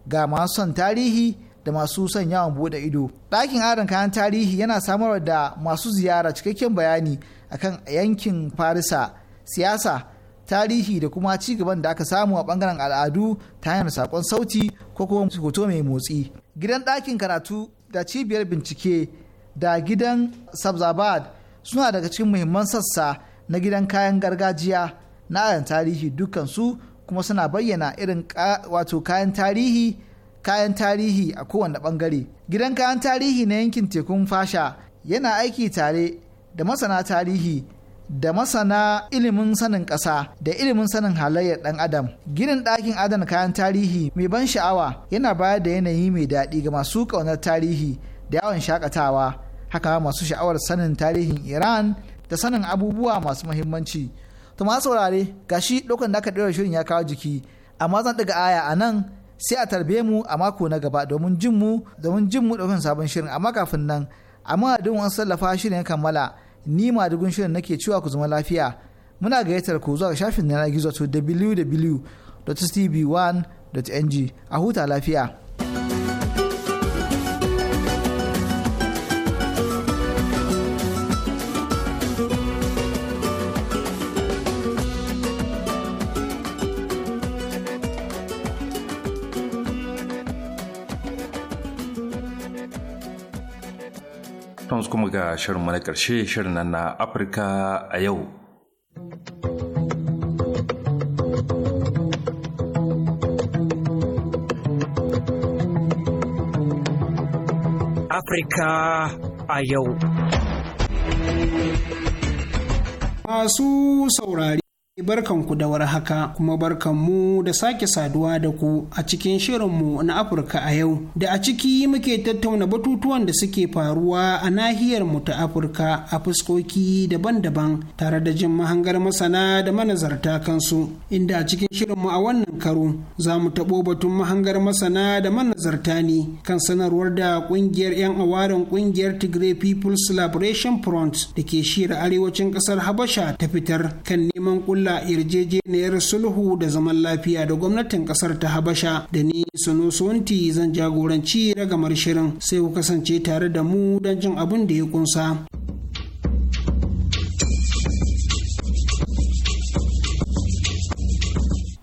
ga masu son tarihi da masu son yawon bude ido ɗakin adon kayan tarihi yana samarwa da masu ziyara cikakken bayani akan yankin farisa siyasa tarihi da kuma ci gaban da aka samu a bangaren al'adu ta hanyar sakon sauti ko kuma hoto mai motsi gidan ɗakin karatu da cibiyar bincike da gidan sabzabad suna daga cikin muhimman sassa na gidan kayan gargajiya na ayan tarihi dukansu kuma suna bayyana irin wato kayan tarihi kayan tarihi a kowane bangare gidan kayan tarihi na yankin tekun fasha yana aiki tare da masana tarihi da masana ilimin sanin ƙasa da ilimin sanin halayyar ɗan adam ginin ɗakin adana kayan tarihi mai ban sha'awa yana bayar da yanayi mai daɗi ga masu ƙaunar tarihi da yawon shakatawa haka masu sha'awar sanin tarihin iran da sanin abubuwa masu mahimmanci to masu saurare gashi ɗaukan da aka ɗaura shirin ya kawo jiki amma zan ɗaga aya a nan sai a tarbe mu a mako na gaba domin jin mu domin jin mu ɗaukan sabon shirin amma kafin nan amma duk wasu sallafa shirin ya kammala ni madugun shirin nake cewa ku zama lafiya muna gayyatar ku zuwa shafin na gizo to www.tv1.ng a huta lafiya. kuma ga shirin na ƙarshe shirin na Afirka a yau. Afirka a yau. Masu saurari Barkanku da warhaka haka kuma barkanmu da sake saduwa da ku a cikin shirin mu na Afirka a yau da a ciki muke tattauna batutuwan da suke faruwa a nahiyar mu ta Afirka a fuskoki daban-daban tare da jin mahangar masana da manazarta kansu inda a cikin shirin mu a wannan karo za mu taɓo batun mahangar masana da manazarta ne kan sanarwar da kungiyar 'yan awarin kungiyar Tigray People's Liberation Front da ke shira arewacin ƙasar Habasha ta fitar kan neman ƙulla. da yarjejeniyar sulhu da zaman lafiya da gwamnatin kasar ta habasha da ni sunu suwanti zan jagoranci ragamar shirin sai ku kasance tare da mu don jin abin da ya kunsa.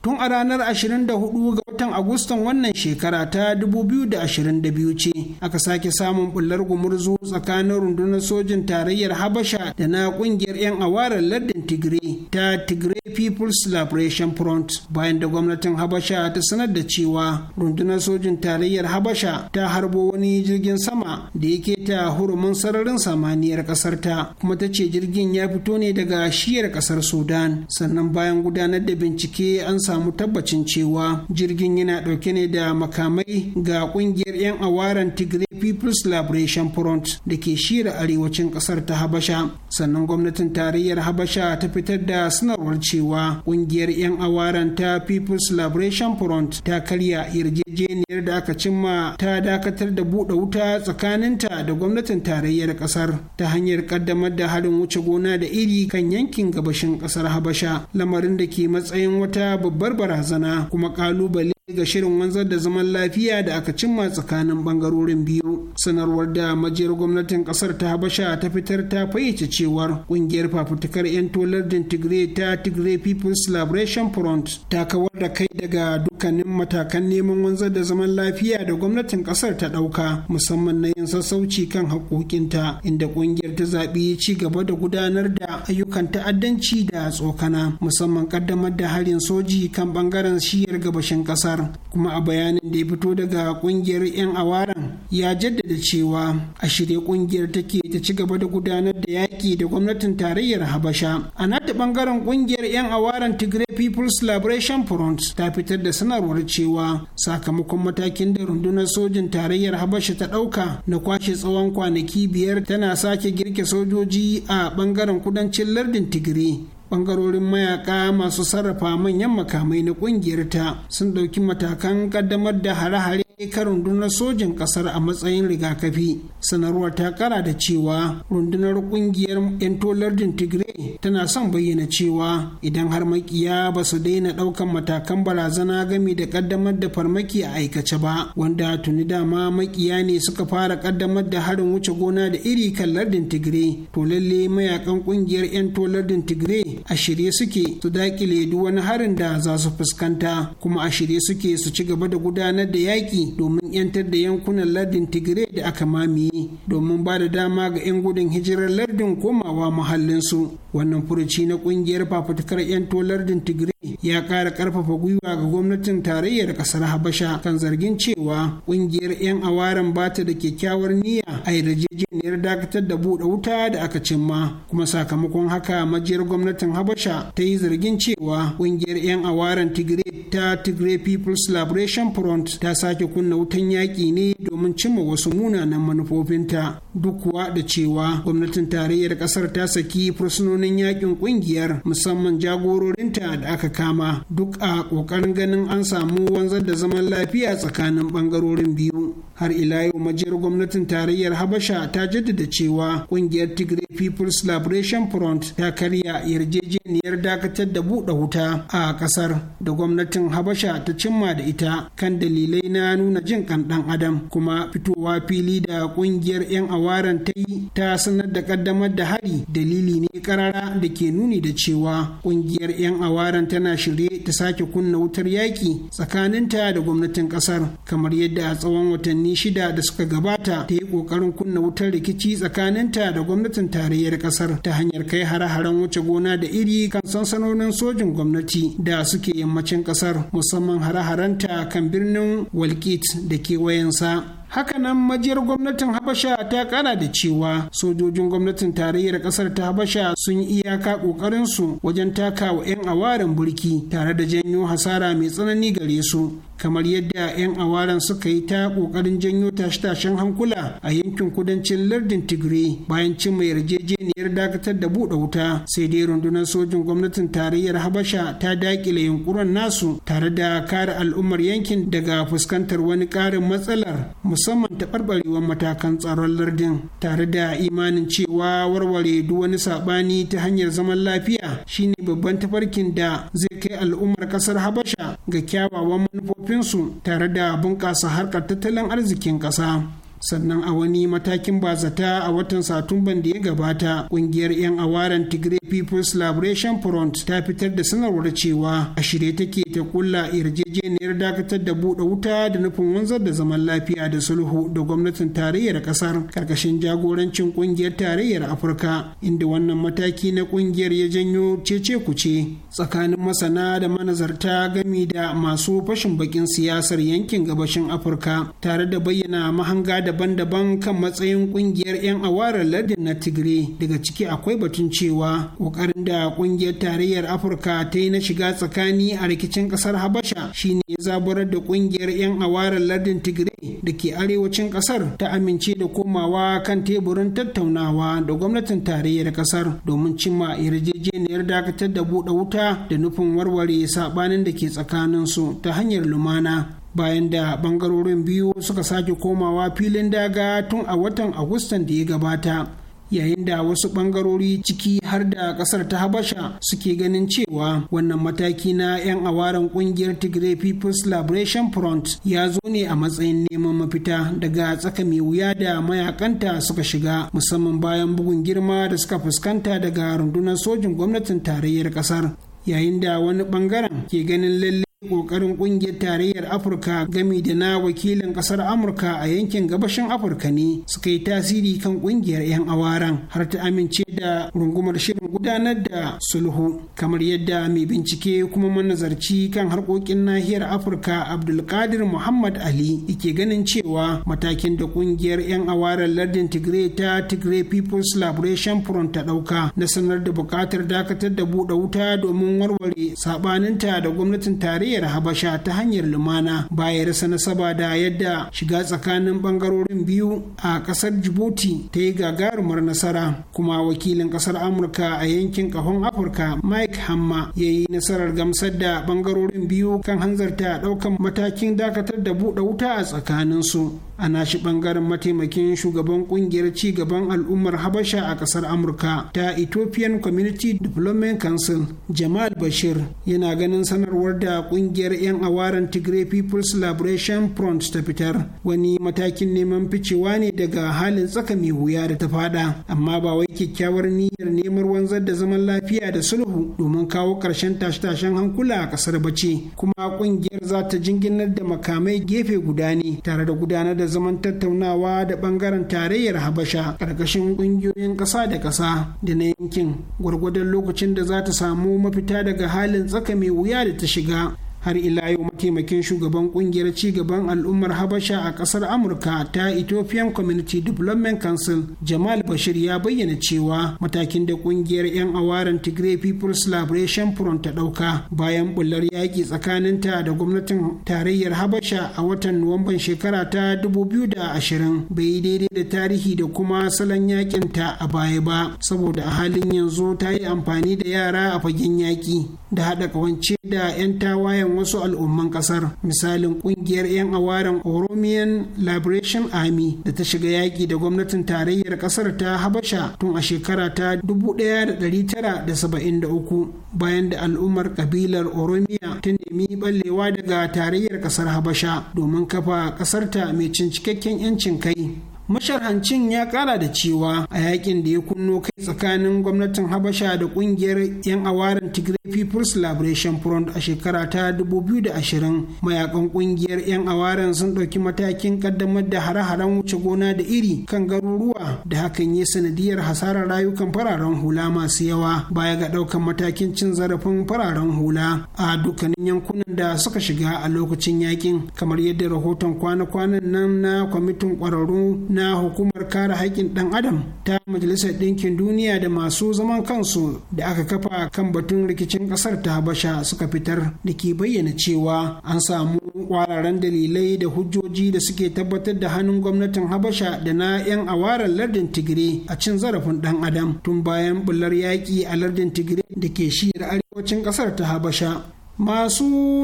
tun a ranar 24 ga watan agustan wannan shekara ta 2022 ce aka sake samun bullar gumurzu tsakanin rundunar sojin tarayyar habasha da na kungiyar 'yan awarar lardin tigray ta tigray people's liberation front bayan da gwamnatin habasha ta sanar da cewa rundunar sojin tarayyar habasha ta harbo wani jirgin sama da yake ta hurumin sararin samaniyar kasar ta kuma ta ce jirgin ya fito ne daga shiyar kasar sudan sannan bayan gudanar da bincike an samu tabbacin cewa jirgin yana ɗauke ne da makamai ga ƙungiyar 'yan awaran Tigray People's Liberation Front da ke shira arewacin ƙasar ta Habasha. sannan gwamnatin tarayyar habasha ta fitar da sanarwar cewa kungiyar 'yan awaran ta people's liberation front ta karya yarjejeniyar da aka cimma ta dakatar da buɗe wuta tsakaninta da gwamnatin tarayyar ƙasar ta hanyar ƙaddamar da harin wuce gona da iri kan yankin gabashin ƙasar habasha lamarin da ke matsayin wata babbar barazana kuma ƙalubale ga shirin wanzar da zaman lafiya da aka cimma tsakanin bangarorin biyu sanarwar da majiyar gwamnatin kasar ta habasha ta fitar ta fayyace cewar kungiyar fafutukar 'yan din tigray ta tigray people's liberation front ta kawar da kai daga dukkanin matakan neman wanzar da zaman lafiya da gwamnatin kasar ta dauka musamman na yin sassauci kan haƙoƙinta inda kungiyar ta zaɓi ci gaba da gudanar da ayyukan ta'addanci da tsokana musamman kaddamar da harin soji kan bangaren shiyar gabashin kasar kasar kuma a bayanin da ya fito daga kungiyar 'yan awaran ya jaddada cewa a shirye kungiyar take ta ci gaba da gudanar da yaƙi da gwamnatin tarayyar habasha a nata bangaren kungiyar 'yan awaran tigray people's liberation front ta fitar da sanarwar cewa sakamakon matakin da rundunar sojin tarayyar habasha ta ɗauka na kwashe tsawon kwanaki biyar tana sake girke sojoji a bangaren kudancin lardin tigray bangarorin mayaka masu sarrafa manyan makamai na kungiyar ta sun ɗauki matakan ƙaddamar da hare-hare ka rundunar sojin kasar a matsayin rigakafi sanarwar ta kara da cewa rundunar kungiyar 'yan tolardin tigray tana son bayyana cewa idan har makiya ba su daina daukan matakan barazana gami da kaddamar da farmaki a aikace ba wanda tuni dama makiya ne suka fara kaddamar da harin wuce gona da iri kan lardin tigray to lalle mayakan kungiyar 'yan tolardin tigray a shirye suke su dakile duk wani harin da za su fuskanta kuma a shirye suke su ci gaba da gudanar da yaƙi domin 'yantar da yankunan lardin tigire da aka mamiye domin ba da dama ga 'yan gudun hijirar lardin komawa muhallinsu wannan furuci na kungiyar fafutukar 'yan tolardin tigray ya kara karfafa gwiwa ga gwamnatin tarayyar kasar habasha kan zargin cewa kungiyar 'yan awaran bata da kyakkyawar niyya a yarjejeniyar dakatar da buɗe wuta da aka cimma kuma sakamakon haka majiyar gwamnatin habasha ta yi zargin cewa kungiyar 'yan awaran tigray ta tigray people's liberation front ta sake kunna wutan yaƙi ne domin cimma wasu munanan manufofinta duk kuwa da cewa gwamnatin tarayyar kasar ta saki fursunonin yakin kungiyar musamman jagororinta da aka kama duk a kokarin ganin an samu wanzar da zaman lafiya tsakanin bangarorin biyu har ila yau majiyar gwamnatin tarayyar habasha ta jaddada cewa kungiyar tigray people's liberation front ta karya yarjejeniyar dakatar da buɗe wuta a kasar da gwamnatin habasha ta cimma da ita kan dalilai na nuna jin kan adam kuma fitowa fili da kungiyar yan awa Jawaran ta yi ta sanar da kaddamar da hari dalili ne karara da ke nuni da cewa kungiyar 'yan awaran tana shirye ta sake kunna wutar yaƙi tsakaninta da gwamnatin kasar kamar yadda a tsawon watanni shida da suka gabata ta yi ƙoƙarin kunna wutar rikici tsakaninta da gwamnatin tarayyar kasar ta hanyar kai hare-haren wuce gona da iri kan sansanonin sojin gwamnati da suke yammacin kasar musamman hare ta kan birnin walkit da kewayensa hakanan majiyar gwamnatin habasha ta kana da cewa sojojin gwamnatin tarayyar kasar ta habasha sun iyaka kokarin wajen taka wa 'yan awaran burki tare da janyo hasara mai tsanani gare su kamar yadda 'yan awaren suka yi ta ƙoƙarin janyo tashe-tashen hankula a yankin kudancin lardin tigray bayan cin mai yarjejeniyar dakatar da buɗe wuta sai dai rundunar sojin gwamnatin tarayyar habasha ta daƙile yankunan nasu tare da kare al'ummar yankin daga fuskantar wani ƙarin matsalar musamman taɓarɓarewar matakan tsaron lardin tare da imanin cewa warware duk wani saɓani ta hanyar zaman lafiya shine babban tafarkin da zai kai al'ummar ƙasar habasha ga kyawawan manufofinsu tare da bunƙasa harkar tattalin arzikin ƙasa sannan a wani matakin bazata a watan satumban da ya gabata kungiyar 'yan awaren tigray people's liberation front ta fitar da sanarwar cewa a shirye take ta kulla yarjejeniyar dakatar da buɗe wuta da nufin wanzar da zaman lafiya da sulhu da gwamnatin tarayyar ƙasar karkashin jagorancin kungiyar tarayyar afirka inda wannan mataki na kungiyar ya janyo cece kuce tsakanin masana da manazarta gami da masu fashin bakin siyasar yankin gabashin afirka tare da bayyana mahanga daban-daban kan matsayin kungiyar 'yan awarar lardin na tigray daga ciki akwai batun cewa kokarin da kungiyar tarayyar afirka ta yi na shiga tsakani a rikicin kasar habasha shine ya zaburar da kungiyar 'yan awarar lardin tigray da ke arewacin kasar ta amince da komawa kan teburin tattaunawa da gwamnatin tarayyar kasar domin cimma yarjejeniyar dakatar da buɗe wuta da nufin warware saɓanin da ke tsakaninsu ta hanyar lumana bayan da ɓangarorin biyu suka sake komawa filin daga tun a watan agustan da ya gabata yayin da wasu ɓangarori ciki har da ƙasar ta habasha suke ganin cewa wannan mataki na 'yan awaren ƙungiyar tigray people's liberation front ya zo ne a matsayin neman mafita daga tsaka mai wuya da mayakanta suka shiga musamman bayan bugun girma da suka fuskanta daga rundunar sojin gwamnatin tarayyar ƙasar yayin da wani ɓangaren ke ganin lalle kokarin kungiyar tarayyar afirka gami da na wakilin kasar amurka a yankin gabashin afirka ne suka yi tasiri kan kungiyar 'yan awaran har ta amince da rungumar shirin gudanar da sulhu kamar yadda mai bincike kuma manazarci kan harkokin nahiyar afirka abdulkadir muhammad ali ke ganin cewa matakin da kungiyar 'yan awaran lardin tigray ta tigray people's liberation front ta dauka na sanar da bukatar dakatar da buɗe wuta domin warware sabaninta da gwamnatin tarayyar jamhuriyar habasha ta hanyar lumana ba ya rasa nasaba da yadda shiga tsakanin bangarorin biyu a kasar jibuti ta yi gagarumar nasara kuma wakilin kasar amurka a yankin kahon afirka mike hamma ya yi nasarar gamsar da bangarorin biyu kan hanzarta daukan matakin dakatar da buɗe wuta a tsakaninsu a nashi bangaren mataimakin shugaban kungiyar ci gaban al'ummar habasha a kasar amurka ta ethiopian community development council jamal bashir yana ganin sanarwar da kungiyar 'yan awaren tigray people's liberation front ta fitar wani matakin neman ficewa ne daga halin tsaka mai wuya da ta fada amma ba wai kyakkyawar niyyar neman wanzar da zaman lafiya da sulhu domin kawo ƙarshen tashe-tashen hankula a kasar bace kuma kungiyar za ta jinginar da makamai gefe guda ne tare da gudanar da zaman tattaunawa da bangaren tarayyar habasha ƙarƙashin ƙungiyoyin ƙasa da ƙasa da na yankin gwargwadon lokacin da za ta samu mafita daga halin tsaka mai wuya da ta shiga har ila yau mataimakin shugaban kungiyar cigaban al'ummar habasha a kasar amurka ta ethiopian community development council jamal bashir ya bayyana cewa matakin da kungiyar 'yan awaren tigray people's liberation front ta dauka bayan bullar yaƙi tsakaninta da gwamnatin tarayyar habasha a watan nuwamban shekara ta 2020 bai daidai da tarihi da kuma salon yakin ta a baya ba saboda a halin yanzu ta yi amfani da yara a fagen yaƙi da haɗa ƙawance da 'yan tawayen irin wasu al'umman kasar misalin kungiyar 'yan awaren oromian liberation army da ta shiga yaƙi da gwamnatin tarayyar kasar ta habasha tun a shekara ta 1973 bayan da al'ummar kabilar oromia ta nemi ballewa daga tarayyar kasar habasha domin kafa kasarta mai cin cikakken 'yancin kai masharhancin ya kara da cewa a yakin da ya kunno kai tsakanin gwamnatin habasha da kungiyar yan awarin tigray people's liberation front a shekara ta 2020 mayakan kungiyar yan awarin sun ɗauki matakin kaddamar da hare-haren wuce gona da iri kan garuruwa da hakan ya sanadiyar hasarar rayukan fararen hula masu yawa baya ga ɗaukan matakin cin zarafin fararen hula a dukkanin yankunan da suka shiga a lokacin yakin kamar yadda rahoton kwana-kwanan nan na kwamitin ƙwararru na hukumar kare haƙƙin ɗan adam ta majalisar ɗinkin duniya da masu zaman kansu da aka kafa kan batun rikicin ƙasar ta habasha suka fitar da ke bayyana cewa an samu kwararan dalilai da hujjoji da suke tabbatar da hannun gwamnatin habasha da na 'yan awarar lardin tigire a cin zarafin ɗan adam tun bayan bular yaƙi a lardin tigire da ke shiyar arewacin ƙasar ta habasha masu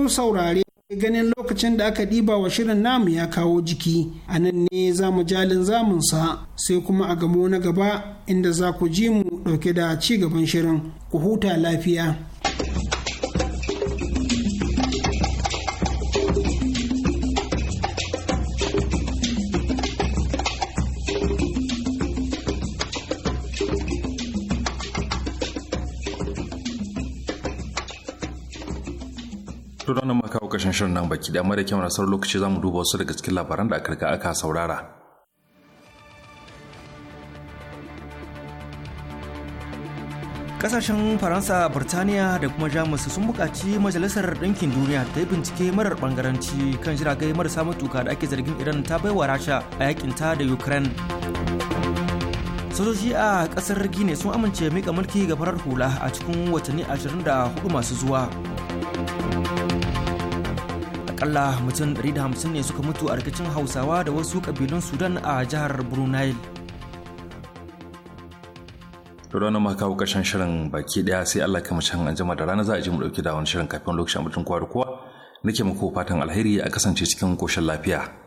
saurare ganin lokacin da aka ɗiba wa shirin namu ya kawo jiki a nan ne za mu jalin zamunsa sai kuma a gamo na gaba inda za ku ji mu ɗauke da ci gaban shirin ku huta lafiya Turanin maka lokacin shirin nan baki da mara kyau na sauran lokaci za mu duba wasu daga cikin labaran da aka aka saurara. Kasashen Faransa, Birtaniya da kuma Jamus sun buƙaci Majalisar Ɗinkin Duniya ta yi bincike marar ɓangaranci kan jiragai marasa matuka da ake zargin Iran ta wa Rasha a yakinta da Ukraine. Sojoji a ƙasar Guinea sun amince mika mulki ga farar hula a cikin watanni 24 masu zuwa. akalla mutum 150 ne suka mutu a rikicin hausawa da wasu kabilun sudan a jihar brunei ranar maka kawo ƙarshen shirin baki ɗaya sai allah kama can an jima da rana za a ji mu dauki da wani shirin kafin lokacin mutum kwari kuwa nake muku fatan alheri a kasance cikin koshin lafiya